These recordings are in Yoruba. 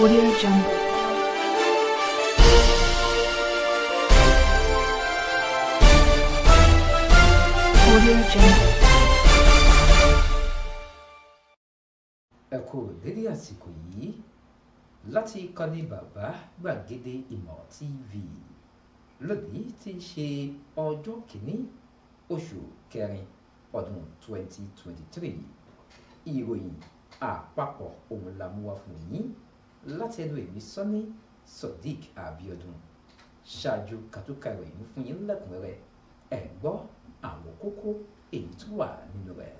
Audio Jungle. Audio Jungle. ẹ kú dédé àsìkò yìí láti ìkànnì bàbá gbàgede ìmọ̀ tv lónìí ti ṣe ọjọ́ kìíní oṣù kẹrin ọdún 2023 ìròyìn àpapọ̀ ohun la mú wá fún yín láti ẹnu èmi sọ́ni sodiq abiodun ṣáájú kàtúkà ìròyìn fún yín lẹ́kùnrẹ́rẹ́ ẹ̀ gbọ́ àwọn kókó èyí tó wà nínú rẹ̀.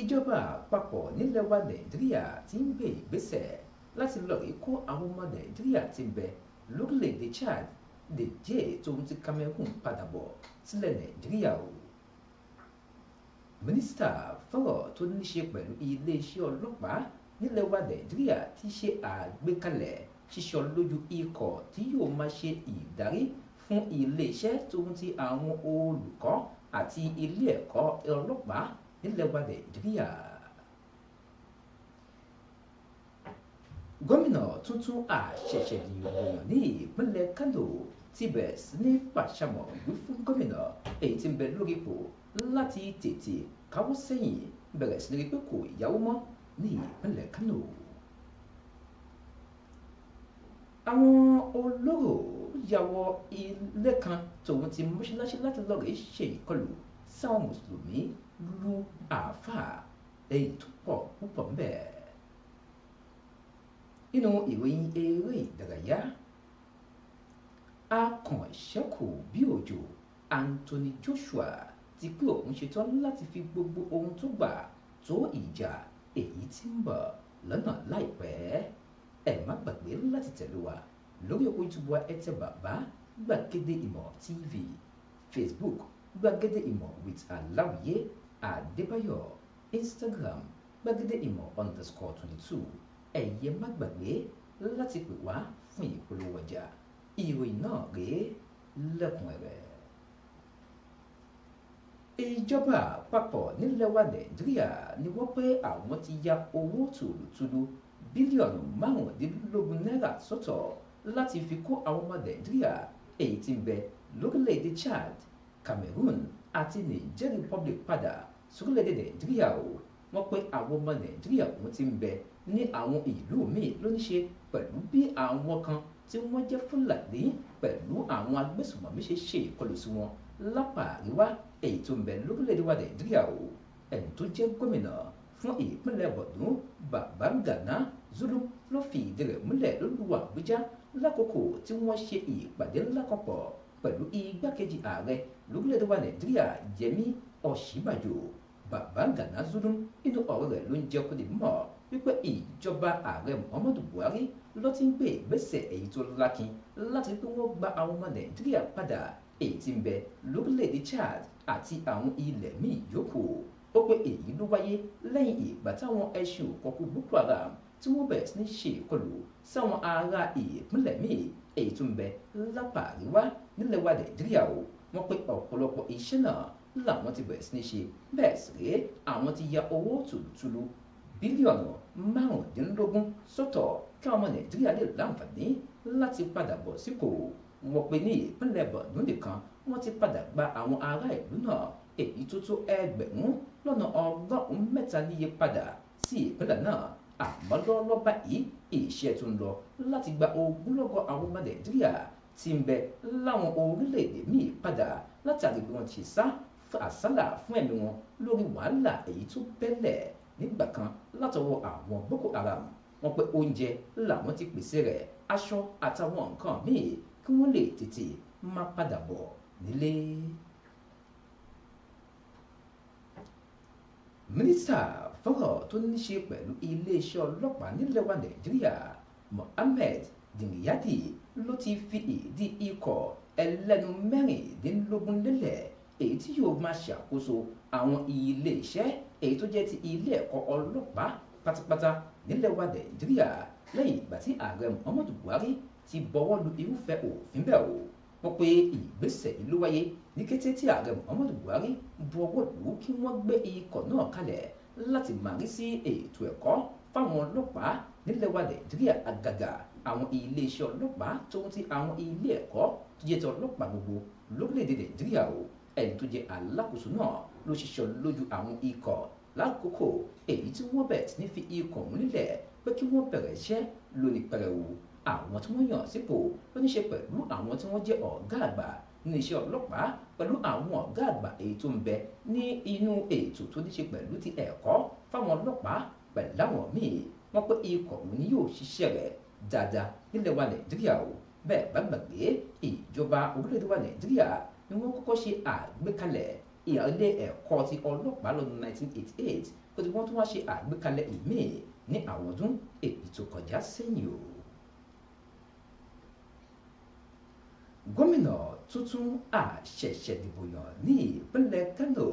ìjọba àpapọ̀ nílẹ̀ wa nàìjíríà ti ń gbé ìgbésẹ̀ láti lọ rí kó àwọn ọmọ nàìjíríà ti bẹ lórílẹ̀‐èdè chad Niger tóun ti Cameroon padà bọ̀ sílẹ̀ nàìjíríà o. mínísítà fọ́rọ̀ tó ní í ṣe pẹ̀lú iléeṣẹ́ ọlọ́pàá nílẹ̀ wa nàìjíríà ti ṣe àgbékalẹ̀ ṣíṣọ lójú ikọ̀ tí yóò máa ṣe ìdarí fún iléeṣẹ́ tóun ti àwọn olùkọ́ àti ilé ẹ̀kọ́ ọlọ́pàá nílẹ̀ wa nàìjíríà. gómìnà tuntun àṣẹ̀ṣẹ̀ yìnbọn ní ìpínlẹ̀ kánò ti bẹ̀rẹ̀ sí ní pàṣàmọ̀ wí fún gómìnà èyí tí ń bẹ lórí ipò láti tètè káwọ́ sẹ́yìn bẹ̀rẹ̀ sí ní rí pé kò yáwó mọ́ ní ìpínlẹ̀ Kánò àwọn olóró ya ilé kan tòun ti mọ́ṣáláṣí láti lọ́ọ̀rẹ́ ṣe ìkọlù sáwọn mùsùlùmí lu àáfàá èyí tó pọ̀ púpọ̀ ń bẹ̀. nínú ìròyìn eré ìdárayá akànṣẹ́kù bí òjò Anthony Joshua ti pé òun ṣetán láti fi gbogbo ohun tó gbà tó ìjà èyí tí ń bọ̀ lọ́nà láìpẹ́ ẹ má gbàgbé láti tẹ̀lé wa lórí òpó YouTube wa ẹ tẹ bàbá gbàgede ìmọ̀ TV Facebook gbàgede ìmọ̀ with aláwìyé àdébáyọ̀ Instagram gbàgede ìmọ̀ underscore twenty two ẹ̀yẹ má gbàgbé láti pè wá fún ìpolówó ọjà ìròyìn náà rèé lẹ́kùnrẹ́rẹ́ ìjọba àpapọ̀ nílẹ̀ wa nàìjíríà ni wọ́n pé àwọn ti ya owó tòlótòló bílíọ̀nù márùndínlógún náírà sọ́tọ̀ láti fi kó àwọn ọmọ nàìjíríà èyí tí ń bẹ lórílẹ̀‐èdè Chad Cameroon àti Niger Republic padà sórílẹ̀‐èdè nàìjíríà o wọ́n pé àwọn ọmọ nàìjíríà òun ti ń bẹ ní àwọn ìlú míì ló tí wọ́n jẹ́ fúlàní pẹ̀lú àwọn agbésùnmọ̀mí ṣe ṣe ìkọlù sí wọn lápá àríwá èyí tó ń bẹ lórílẹ̀‐èdè wa nàìjíríà o ẹni tó jẹ́ gómìnà fún ìpínlẹ̀ bọ̀dún Babangana Zulum ló fi ìdí rẹ̀ múlẹ̀ lólùwà àbújá lákòókò tí wọ́n ṣe ìpàdé ńlá kan pọ̀ pẹ̀lú igbákejì ààrẹ lórílẹ̀‐èdè wa nàìjíríà yẹmí ọ̀ṣínbàjò Babangana Zulum nínú ọ̀rọ̀ rẹ̀ ló ló ti ń gbé ìgbésẹ̀ èyí tó lákin láti pé wọ́n gba àwọn ọmọ nàìjíríà padà èyí tí ń bẹ lórílẹ̀‐èdè Chad àti àwọn ilẹ̀ míì yòókù ó pé èyí ló wáyé lẹ́yìn ìgbà táwọn ẹṣin òkọ̀kọ̀ Boko Haram tí wọ́n bẹ̀rẹ̀ sí ní ṣe ìkọlù sáwọn ará ìpínlẹ̀ míì èyí tó ń bẹ lápá àríwá nílẹ̀ wa nàìjíríà o wọ́n pé ọ̀pọ̀lọpọ̀ iṣẹ́ náà làwọn ti bẹ̀rẹ̀ sí ní ṣe bẹ́ẹ̀ sì rèé àwọn ti ya owó tùlùtùlù bílíọ̀nù márùndínlógún sọ́tọ̀ kí ọmọ nàìjíríà lè láǹfààní láti padà bọ̀ sípò wọ́n pe ní ìpínlẹ̀ bọ̀dú nìkan wọ́n ti padà gba àwọn ará ìlú náà èyí tó tó ẹgbẹ̀rún lọ́nà ọgọ́rùn-ún mẹ́ta níye padà sí ìpínlẹ̀ náà àmọ́ lọ́wọ́lọ́wọ́ báyìí iṣẹ́ tó ń lọ láti gba ogúnlọ́gọ̀ àwọn ọmọ nàìjíríà ti ń bẹ láwọn orílẹ̀-èdè míì padà látàrí bí wọ́n ti sá àsálà fún ẹ̀mí wọn lórí wàhálà èyí tó bẹ́lẹ̀ nígbà kan látọwọ́ àwọn Boko Haram wọ́n pé oúnjẹ làwọn ti pèsè rẹ̀ aṣọ àtàwọn nǹkan míì kí wọ́n lè tètè máa padà bọ̀ nílé. mínísítà fọ́rọ̀ tó ní ṣe pẹ̀lú iléeṣẹ́ ọlọ́pàá nílẹ̀ wa Nàìjíríà Mohammed Dingyadi ló ti fi ìdí ikọ̀ ẹlẹ́nu mẹ́rìndínlógún lélẹ̀ èyí tí yóò máa ṣàkóso àwọn iléeṣẹ́ èyí tó jẹ́ ti ilé ẹ̀kọ́ ọlọ́pàá pátápátá nílẹ̀ wa nàìjíríà lẹ́yìn ìgbà tí ààrẹ muhammadu buhari ti bọwọ́ lu irúfẹ́ òfin bẹ́ẹ̀ o wọ́n pé ìgbésẹ̀ yìí ló wáyé ní kété tí ààrẹ muhammadu buhari bọwọ́ lù ú kí wọ́n gbé ikọ̀ náà kalẹ̀ láti máa rí sí ètò ẹ̀kọ́ fáwọn ọlọ́pàá nílẹ̀ wa nàìjíríà àgàgà àwọn iléeṣẹ́ ọlọ́pàá tó ń ti àwọn ilé ẹ̀kọ́ tó jẹ́ ti ọlọ́pàá gbogbo lórílẹ̀ ló ṣiṣẹ́ lójú àwọn ikọ̀ lákòókò èyí tí wọ́n bẹ̀rẹ̀ sí ní fi ikọ̀ ọ̀hún pé kí wọ́n bẹ̀rẹ̀ iṣẹ́ lónìí pẹrẹwu àwọn tí wọ́n yàn sípò ló ní ṣe pẹ̀lú àwọn tí wọ́n jẹ́ ọ̀gá àgbà ní iṣẹ́ ọlọ́pàá pẹ̀lú àwọn ọ̀gá àgbà èyí tó ń bẹ ní inú ètò tó ní ṣe pẹ̀lú ti ẹ̀kọ́ fáwọn ọlọ́pàá pẹ̀lú àwọn míì wọ́n pé ikọ̀ ọ̀hún ni yóò ṣiṣẹ́ rẹ̀ dáadáa nílẹ̀ wa nàìjíríà o bẹ́ẹ̀ bá gbàgbé ìjọba orílẹ̀-èdè wa nàìjíríà ni wọ́n kọ́kọ́ ṣe àgbékalẹ̀ ilé ẹ̀kọ́ ti ọlọ́pàá lọ́dún 1988 ó ti wọ́n tún wá ṣe àgbékalẹ̀ ìmíì ní àwọn ọdún èyí tó kọjá sẹ́yìn o. gómìnà tuntun àṣẹ̀ṣẹ̀ dìbò yàn ní ìpínlẹ̀ Kánò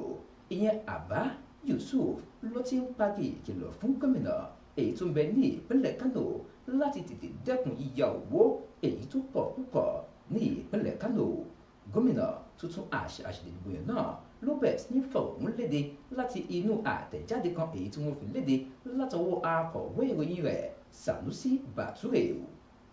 ìyẹn Abba Yusuf ló ti ń pagi ìkìlọ̀ fún gómìnà èyí tó ń bẹ ní ìpínlẹ̀ Kánò láti tètè dẹ́kun yíya owó èyí tó pọ̀ púpọ̀ ní ìpínlẹ̀ Kánò gómìnà tuntun àṣẹ̀ṣẹ̀ dìbò yàn náà lopez ní fọ̀hún léde láti inú àtẹ̀jáde kan èyí tí wọ́n fi léde látọwọ́ akọ̀wé ìròyìn rẹ̀ sanusi bature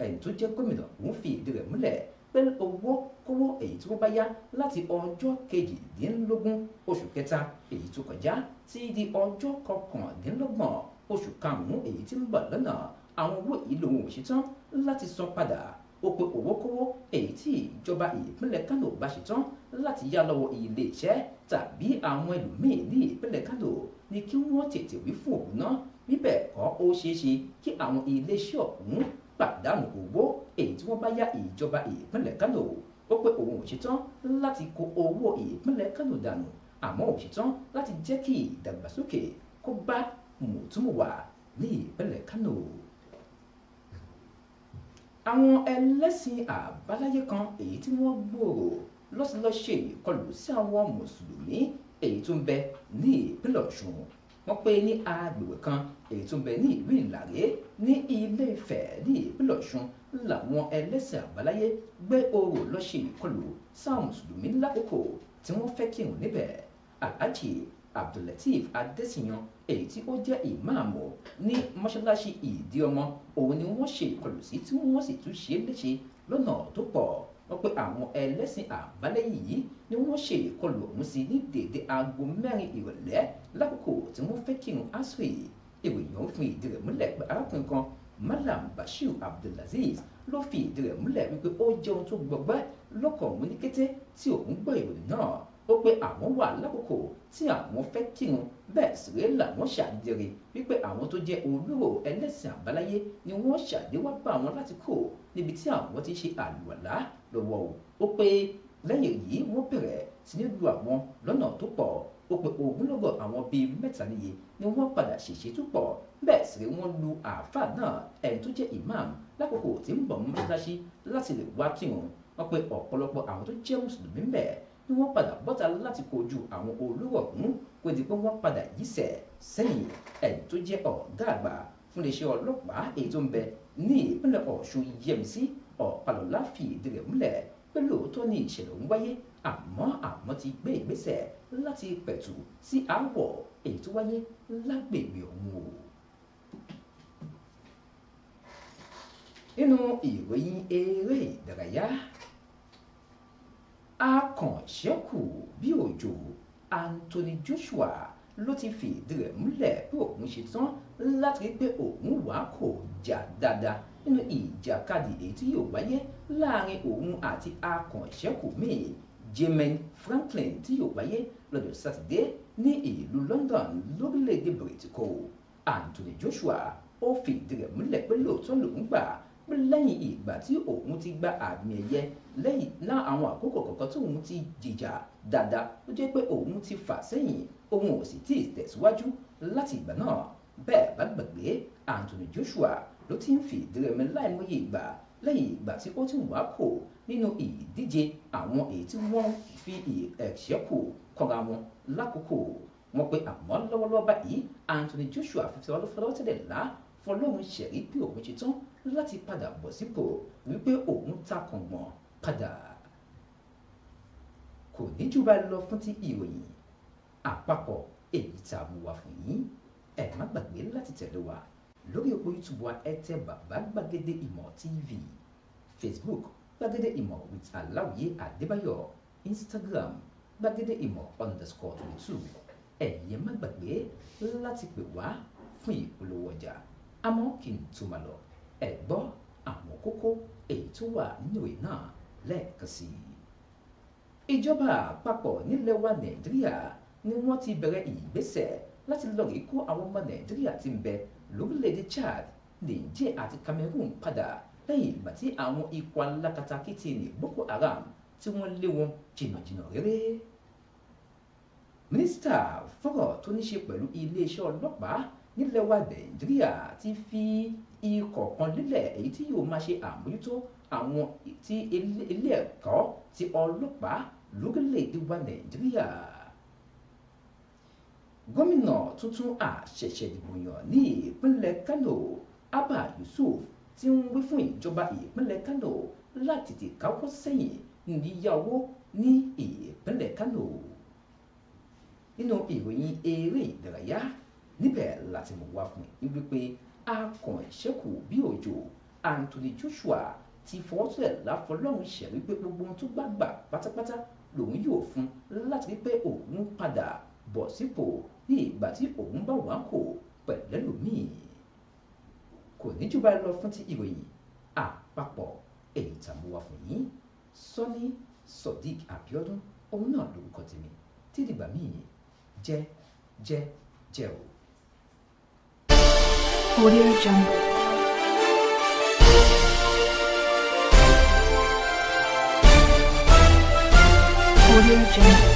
ẹni tó jẹ́ gómìnà òun fi ìdí rẹ̀ múlẹ̀ pé owó kówó èyí tí wọ́n bá yá láti ọjọ́ kejìdínlógún oṣù kẹta èyí tó kọjá tí di ọjọ́ kọkàndínlọ́gbọ̀n oṣù karùn-ún èyí tí ń bọ̀ lọ́nà àwọn owó yìí lòun ò ṣetán láti san padà òpin òwókówó èyí tí ìjọba ìpínlẹ̀ Kánò bá ṣetán láti yá lọ́wọ́ iléeṣẹ́ tàbí àwọn ẹlòmíín ní ìpínlẹ̀ Kánò ni kí wọ́n tètè wí fún òun náà bíbẹ̀ kọ́ ó ṣeé ṣe kí àwọn iléeṣẹ́ ọ̀hún pàdánù owó èyí tí wọ́n bá yá ìjọba ìpínlẹ̀ Kánò ó pé òun ò ṣetán láti kó owó ìpínlẹ̀ Kánò dànù àmọ́ ò ṣetán láti jẹ́ kí ìdàgbàsókè kó bá mùtúmùwà ní ìpínlẹ̀ Kánò àwọn ẹlẹ́sìn àbáláyé kan èyí tí wọ́n gbòòrò lọ́sọ̀lọ́ ṣe ìkọlù sí àwọn mùsùlùmí èyí tó ń bẹ ní ìpínlẹ̀ ọ̀ṣun wọ́n pé ní agbègbè kan èyí tó ń bẹ ní ìlú ìlàrè ní ilé ifẹ̀ ní ìpínlẹ̀ ọ̀ṣun làwọn ẹlẹ́sìn àbáláyé gbé orò lọ ṣe ìkọlù sáwọn mùsùlùmí lákòókò tí wọ́n fẹ́ kírun níbẹ̀ aláàjì abdulateef adésìyàn èyí tí ó jẹ́ ìmáàmù ní mọ́ṣáláṣí ìdí ọmọ òun ni wọ́n ṣe ìkọlù sí tí wọ́n sì tún ṣe é léṣe lọ́nà tó pọ̀ wọ́n pé àwọn ẹlẹ́sìn àbáláyé yìí ni wọ́n ṣe ìkọlù ọ̀hún sí ní déédé aago mẹ́rin ìrọ̀lẹ́ lákòókò tí wọ́n fẹ́ kírun asri ìròyìn ọ̀hún fún ìdí rẹ̀ múlẹ̀ pé arákùnrin kan malam bashir abdulaziz ló fi ìdí rẹ̀ múlẹ̀ wípé ó jẹ́ ohun tó gbọgbẹ́ lọ́kàn òun ní kété tí òun gbọ́ ìròyìn náà ó pé àwọn wà lákòókò tí àwọn fẹ́ kírun bẹ́ẹ̀ sì rèé làwọn ṣàdérí wípé àwọn tó jẹ́ olóró ẹlẹ́sìn àbáláyé ni wọ́n ṣàdéwá bá àwọn láti kó níbi tí àwọn ti ṣe àlùwàlá lọ́wọ́ ó pé lẹ́yìn èyí wọ́n bẹ̀rẹ̀ sí ní lu àwọn lọ́nà tó pọ̀ ó pé ogunlọ́gọ̀ àwọn bíi mẹ́ta níye ni wọ́n padà ṣèṣe tó pọ̀ bẹ́ẹ̀ sì rèé wọ́n lu àáfàá náà ẹni tó jẹ́ imam lákòókò tí ń bọ̀ mọ́ bí wọ́n padà bọ́ta láti kojú àwọn olúwọ̀ ọ̀hún kó di pé wọ́n padà yíṣẹ́ sẹ́yìn ẹni tó jẹ́ ọ̀gá àgbà fún iléeṣẹ́ ọlọ́pàá èyí tó ń bẹ ní ìpínlẹ̀ ọ̀ṣun yẹmísí ọ̀pàlọ́lá fi ìdí rẹ̀ múlẹ̀ pé lóòótọ́ ni ìṣẹ̀lẹ̀ ń wáyé àmọ́ àwọn ti gbé ìgbésẹ̀ láti pẹ̀tù sí àwọ̀ èyí tó wáyé lágbègbè ọ̀hún o. nínú ìròyìn eré ìdárayá akànṣẹ́kù bí òjò Anthony Joshua ló ti fi ìdí rẹ̀ múlẹ̀ pé òun ṣe tán láti rí pé òun wà kò jà dáadáa nínú ìjàkadì èyí tí yóò wáyé láàrin òun àti akànṣẹ́kù míì Jermain Franklin tí yóò wáyé lọ́jọ́ sátidé ní ìlú London lórílẹ̀‐èdè bìrìtìkọ́ Anthony Joshua ó fi ìdí rẹ̀ múlẹ̀ pé lóòótọ́ lòún gbà pé lẹ́yìn ìgbà tí òun ti gba àmì ẹ̀yẹ lẹ́yìn náà àwọn àkókò kọ̀ọ̀kan tí òun ti jìjà dáadáa ó jẹ́ pé òun ti fà sẹ́yìn òun ò sì tíì tẹ̀síwájú láti ìgbà náà bẹ́ẹ̀ bá gbàgbé Anthony Joshua ló ti ń fi ìdírẹ̀mí láìmọye ìgbà lẹ́yìn ìgbà tí ó ti wá kò nínú ìdíje àwọn èyí tí wọ́n fi ẹ̀ṣẹ́ kò kọ́ra wọn lákòókò wọn pé àmọ́ lọ́wọ́lọ́wọ́ báyìí Anthony Joshua fífi ọlọ́fọlọ́wọ́ tẹ̀lé lá fọlọ́run ṣẹ̀rí pé òun ṣe tán láti padà bọ̀ sípò wípé òun ta kàngbọ̀n padà kò ní jù bá lọ fún ti ìròyìn àpapọ̀ èyí tá a mú wa fún yín ẹ má gbàgbé láti tẹ̀lé wa lórí òpó youtube wa ẹ tẹ bàbá gbàgede ìmọ̀ tv facebook gbàgede ìmọ̀ with aláwìyé adébáyọ̀ instagram gbàgede ìmọ̀ underscore twenty two ẹ̀yẹ́ má gbàgbé láti pè wá fún ìpolówó ọjà àmọ́ kí n túmọ̀ lọ ẹ gbọ́ àwọn kókó èyí tó wà nínú ìwé náà lẹ́ẹ̀kan sí i. ìjọba àpapọ̀ nílẹ̀ wa nàìjíríà ni wọ́n ti bẹ̀rẹ̀ ìgbésẹ̀ láti lọ rí kó àwọn ọmọ nàìjíríà ti ń bẹ lórílẹ̀‐èdè chad niger àti cameroon padà lẹ́yìn ìgbà tí àwọn ikọ̀ alákatakítí ní boko haram tí wọ́n lé wọn jìnnàjìnnà réré. mínísítà fọ́rọ̀ tó ní ṣe pẹ̀lú iléeṣẹ́ ọlọ́pàá nílẹ̀ wa nàìjíríà ti fi ikọ̀ kan lélẹ̀ èyí tí yóò máa ṣe àmójútó àwọn ti ilé ẹ̀kọ́ ti ọlọ́pàá lórílẹ̀‐èdè wa nàìjíríà gómìnà tuntun àṣẹ̀ṣẹ̀ dìbò yàn ní ìpínlẹ̀ kánò abba yusuf ti ń wí fún ìjọba ìpínlẹ̀ kánò láti ti káwọ́ sẹ́yìn níyàwó ní ìpínlẹ̀ kánò nínú ìròyìn eré ìdárayá níbẹ̀ láti mọ̀ wá fún mi wípé akàn ìṣẹ́kù bí òjò Anthony Joshua ti fọwọ́ sílẹ̀ láfọlọ́run ṣẹ̀ wípé gbogbo ohun tó gbàgbà pátápátá lòun yóò fún láti wípé òun padà bọ̀ sípò ní ìgbà tí òun bá wà kò pẹ̀lẹ́lòmíì kò ní jù báyìí lọ fún ti ìròyìn àpapọ̀ èyí tàbúwà fún yín sọ́ni sodiq abiodun òun náà lórúkọ tèmi títí gbà míì jẹ́ jẹ́ jẹ́ o. Audio Jungle. Audio Jungle.